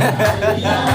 Yeah.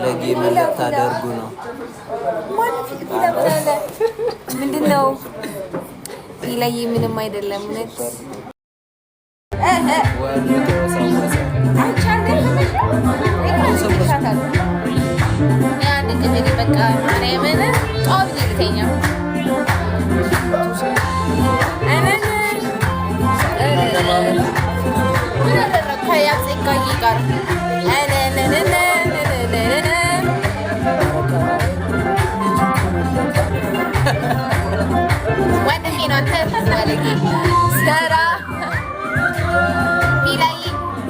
ታደጊ ምን ልታደርጉ ነው? ምንድን ነው? ላይ ምንም አይደለም። እውነት ልተኛ ስራ ሚላይ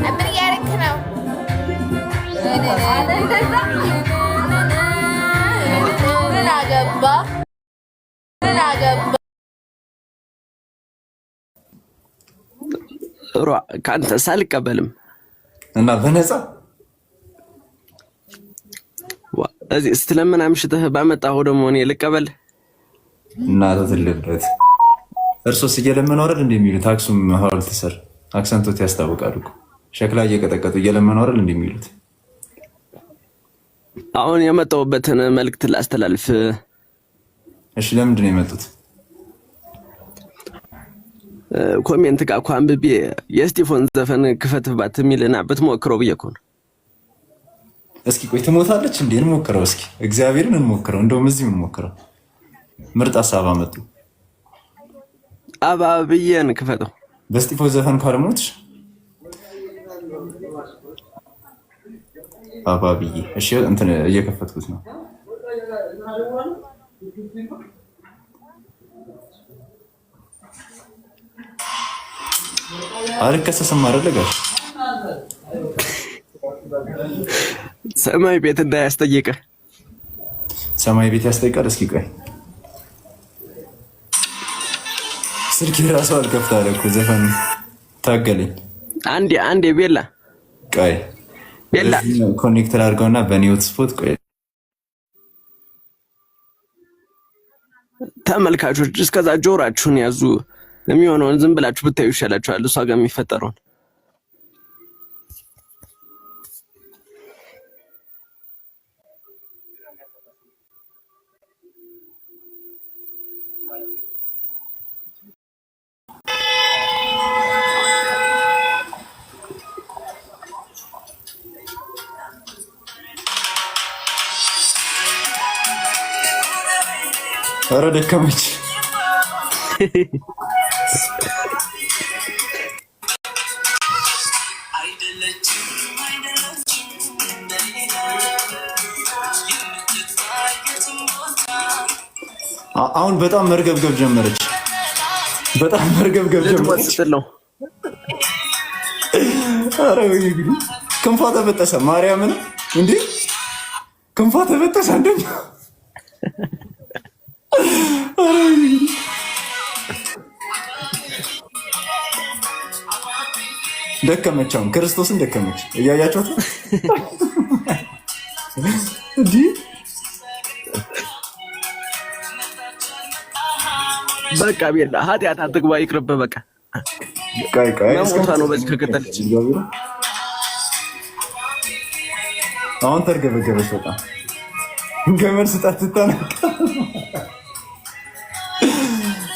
ምን እያደረክ ነው? ምን አገባ ምን አገባ ሯ ከአንተስ አልቀበልም እና በነፃ እዚህ ስትለምን አምሽተህ ባመጣ ደግሞ ልቀበል እናተ ትልበት እርሶስ እየለመነ እንደሚሉት አክሱም ሐውልት ስር አክሰንቶት ያስታውቃሉ። ሸክላ እየቀጠቀጡ እየለመነ እንደሚሉት አሁን የመጣሁበትን መልእክት ላስተላልፍ። እሺ፣ ለምንድን ነው የመጡት? ኮሜንት ጋር እኮ አንብቤ የስቲፎን ዘፈን ክፈትባት የሚልና ብትሞክረው ብዬ እኮ ነው። እስኪ ቆይ ትሞታለች እንዴ? እንሞክረው እስኪ፣ እግዚአብሔርን እንሞክረው። እንደውም እዚህ እንሞክረው። ምርጥ ሀሳብ አመጡ። አባብዬን ክፈተው። ፎ ዘፈን ካልሞች አባብዬ። እሺ እንትን እየከፈትኩት ነው። አልከሰስም አይደለ ጋር ሰማይ ቤት እንዳያስጠይቀ ሰማይ ቤት ያስጠይቃል። እስኪ ቀይ ስልክ ራሱ አልከፍት አለ እኮ ዘፈን ታገለኝ። አንዴ አንዴ ቤላ ቆይ ቤላ ኮኔክት አድርገውና በኔ ሆትስፖት ቆይ ተመልካቾች እስከዛ ጆራችሁን ያዙ። የሚሆነውን ዝም ብላችሁ ብታዩ ይሻላችኋል፣ እሷ ጋር የሚፈጠረውን ኧረ ደከመች። አሁን በጣም መርገብገብ ጀመረች። በጣም መርገብገብ ጀመረች። ኧረ እንግዲህ ክንፏ ተበጠሰ። ማርያምን እንዴ ክንፏ ተበጠሰ እንደኛ ደከመቻውን ክርስቶስን ደከመች። እያያቸት እንዲህ በቃ ቤላ ኃጢአት አትግባ ይቅርብ። በቃ መሞቷ ነው በዚህ ከቀጠለች። አሁን ተርገበገበች። በጣም ገመድ ስጣት ትታነቃ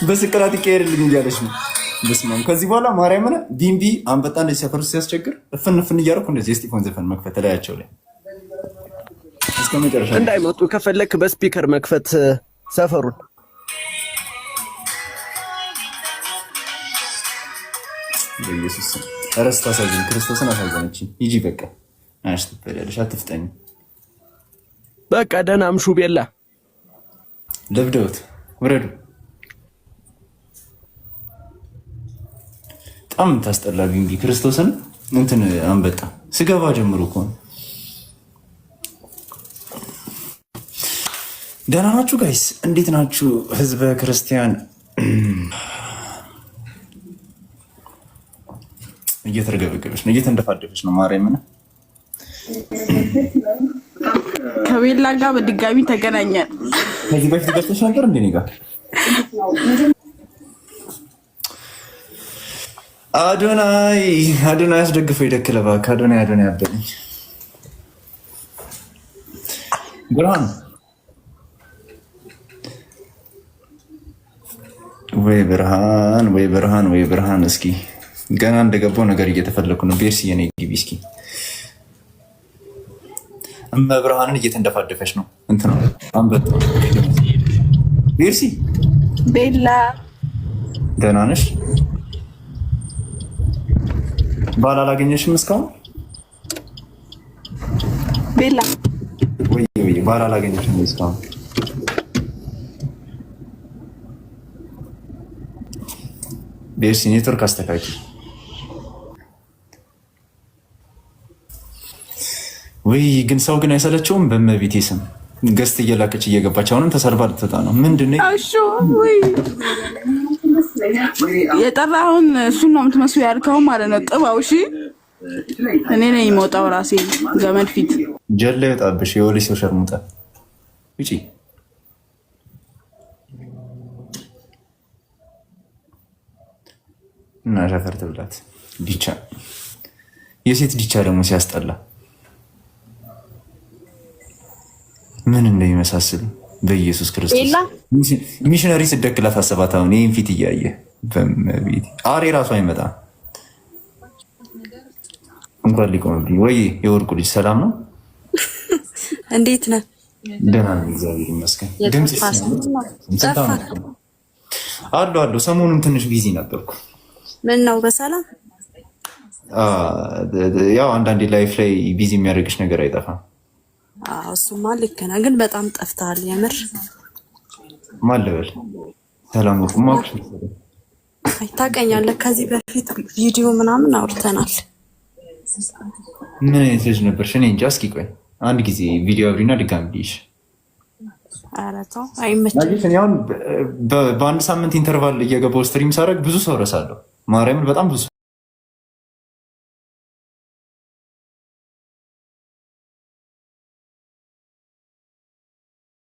በስቅላት ይቀየርልኝ እንዲያለች ነው። በስማም ከዚህ በኋላ ማርያምን ቢምቢ አንበጣ እንደዚህ ሰፈር ሲያስቸግር እፍን እፍን እያደረኩ እንደዚህ የስጢፋን ዘፈን መክፈት ተለያቸው ላይ እስከመጨረሻ እንዳይመጡ ከፈለክ በስፒከር መክፈት ሰፈሩን በኢየሱስ ረስት አሳዘን ክርስቶስን አሳዘነች። ይጂ በቃ አሽ አትፍጠኝ በቃ ደህና ምሹ ቤላ ደብደውት ውረዱ። በጣም የምታስጠላ ቢንቢ ክርስቶስን እንትን አንበጣ ስገባ ጀምሮ እኮ ነው። ደህና ናችሁ ጋይስ? እንዴት ናችሁ ህዝበ ክርስቲያን? እየተረገበገበች ነው እየተንደፋደፈች ነው። ማርያምን ከቤላ ጋር በድጋሚ ተገናኛል። ከዚህ በፊት ገሰች ነበር እንዴ ጋር አዶናይ አዶናይ አስደግፈው ይደክል እባክህ። አዶናይ አዶናይ አበለኝ። ብርሃን ወይ ብርሃን ወይ ብርሃን ወይ ብርሃን። እስኪ ገና እንደገባው ነገር እየተፈለኩ ነው። ቤርስ የኔ ግቢ እስኪ እመ ብርሃንን እየተንደፋደፈች ነው። እንት ነው አንበጣ ቤርሲ ቤላ ደህና ነሽ? ባል አላገኘሽም እስካሁን? ቤላ ወይ ወይ ባል አላገኘሽም እስካሁን? ቤርሲ ኔትወርክ አስተካኪ። ወይ ግን ሰው ግን አይሰለቸውም? በመቤቴ ስም ገስት እየላከች እየገባች አሁንም ተሰርባ ልትወጣ ነው። ምንድን ነው? የጠራውን እሱን ነው የምትመስሉ ያልከው ማለት ነው። ጥባው እሺ፣ እኔ ነኝ የምወጣው ራሴ ገመድ ፊት ጀላ ይወጣብሽ። የወሌ ሰው ሸርሙጣ ውጪ እና ሸፈር ትብላት ዲቻ የሴት ዲቻ ደግሞ ሲያስጠላ ምን እንደሚመሳስል በኢየሱስ ክርስቶስ ሚሽነሪ ስደክላት አሰባት። አሁን ይህን ፊት እያየ በቤት አሬ ራሱ አይመጣም። እንኳን ሊቆምብኝ ወይ የወርቁ ልጅ ሰላም ነው? እንዴት ነ? ደህና ነው እግዚአብሔር ይመስገን። ድምፅ አሉ አሉ። ሰሞኑን ትንሽ ቢዚ ነበርኩ። ምን ነው በሰላም ያው አንዳንዴ ላይፍ ላይ ቢዚ የሚያደርግሽ ነገር አይጠፋም። እሱማ ልክ ነህ፣ ግን በጣም ጠፍተሃል። የምር ማለበል ሰላም ከዚህ በፊት ቪዲዮ ምናምን አውርተናል። ምን አይነት ልጅ ነበርሽ? እኔ እንጃ። እስኪ ቆይ አንድ ጊዜ ቪዲዮ አብሪና ድጋሚ ልይሽ። ኧረ ተው አይመችም። አሁን በአንድ ሳምንት ኢንተርቫል እየገባው ስትሪም ሳደርግ ብዙ ሰው እረሳለሁ። ማርያምን በጣም ብዙ